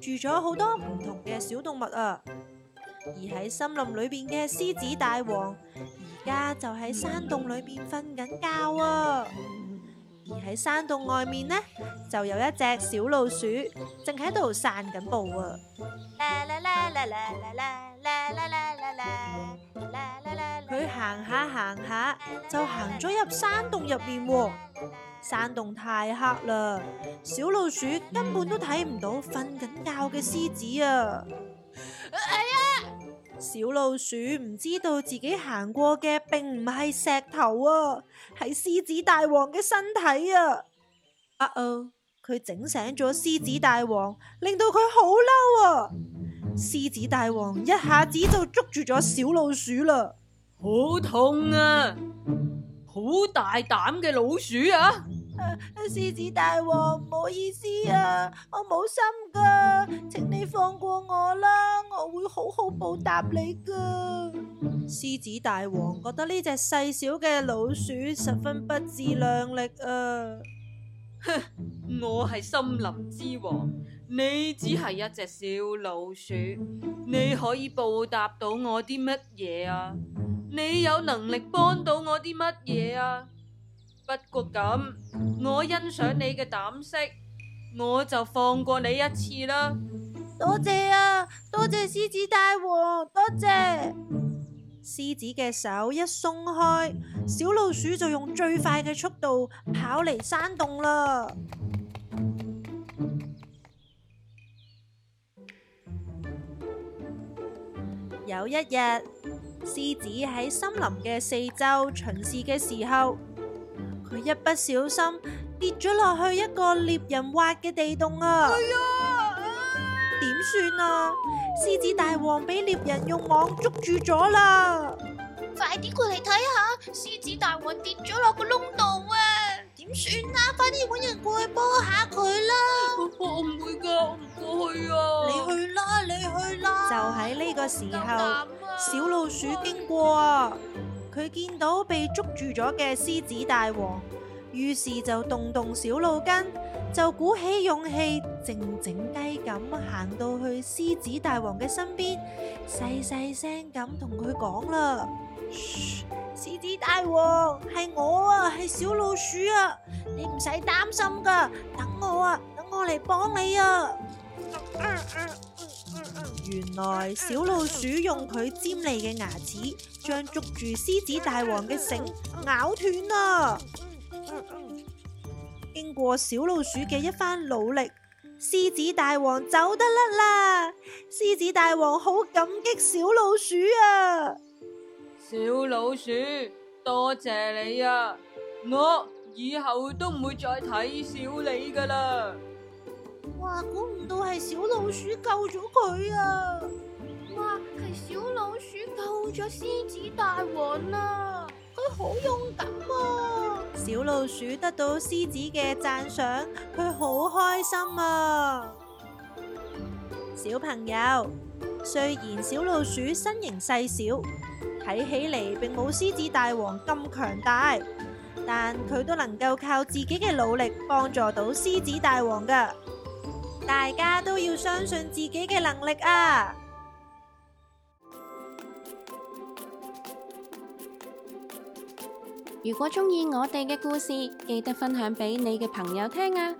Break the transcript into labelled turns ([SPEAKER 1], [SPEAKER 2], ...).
[SPEAKER 1] 住咗好多唔同嘅小動物啊，而喺森林裏邊嘅獅子大王，而家就喺山洞裏面瞓緊覺啊，而喺山洞外面呢，就有一隻小老鼠正，正喺度散緊步啊，佢行下行下，就行咗入山洞入面喎、啊。山洞太黑啦，小老鼠根本都睇唔到瞓緊覺嘅獅子啊！係啊、哎呀，小老鼠唔知道自己行過嘅並唔係石頭啊，係獅子大王嘅身體啊！啊哦，佢整醒咗獅子大王，令到佢好嬲啊！獅子大王一下子就捉住咗小老鼠啦，好痛啊！好大膽嘅老鼠啊！啊、獅子大王，唔好意思啊，我冇心噶請你放過我啦，我會好好報答你噶獅子大王覺得呢隻細小嘅老鼠十分不自量力啊！哼， 我係森林之王，你只係一隻小老鼠，你可以報答到我啲乜嘢啊？你有能力幫到我啲乜嘢啊？不過咁，我欣賞你嘅膽識，我就放過你一次啦。多謝啊，多謝獅子大王，多謝。獅子嘅手一鬆開，小老鼠就用最快嘅速度跑嚟山洞啦。有一日。獅子喺森林嘅四周巡視嘅時候，佢一不小心跌咗落去一個獵人挖嘅地洞啊！點算啊？啊啊啊、獅子大王俾獵人用網捉住咗啦！快啲過嚟睇下，獅子大王跌咗落個窿度啊！點算啊？快啲揾人過去幫下佢啦！我唔會噶，唔過去啊！你去啦，你去啦！就喺呢個時候。小老鼠經過啊，佢見到被捉住咗嘅獅子大王，於是就動動小腦筋，就鼓起勇氣，靜靜雞咁行到去獅子大王嘅身邊，細細聲咁同佢講啦：獅子大王，係我啊，係小老鼠啊，你唔使擔心噶，等我啊，等我嚟幫你啊。啊啊原來小老鼠用佢尖利嘅牙齒，將捉住獅子大王嘅繩咬斷啦！經過小老鼠嘅一番努力，獅子大王走得甩啦！獅子大王好感激小老鼠啊！小老鼠多謝你啊！我以後都唔會再睇小你㗎喇！哇！估唔到係小老鼠救咗佢啊！哇，係小老鼠救咗獅子大王啊！佢好勇敢啊！小老鼠得到獅子嘅讚賞，佢好開心啊！小朋友，雖然小老鼠身形細小，睇起嚟並冇獅子大王咁強大，但佢都能夠靠自己嘅努力幫助到獅子大王㗎。大家都要相信自己嘅能力啊！如果鍾意我哋嘅故事，記得分享俾你嘅朋友聽啊！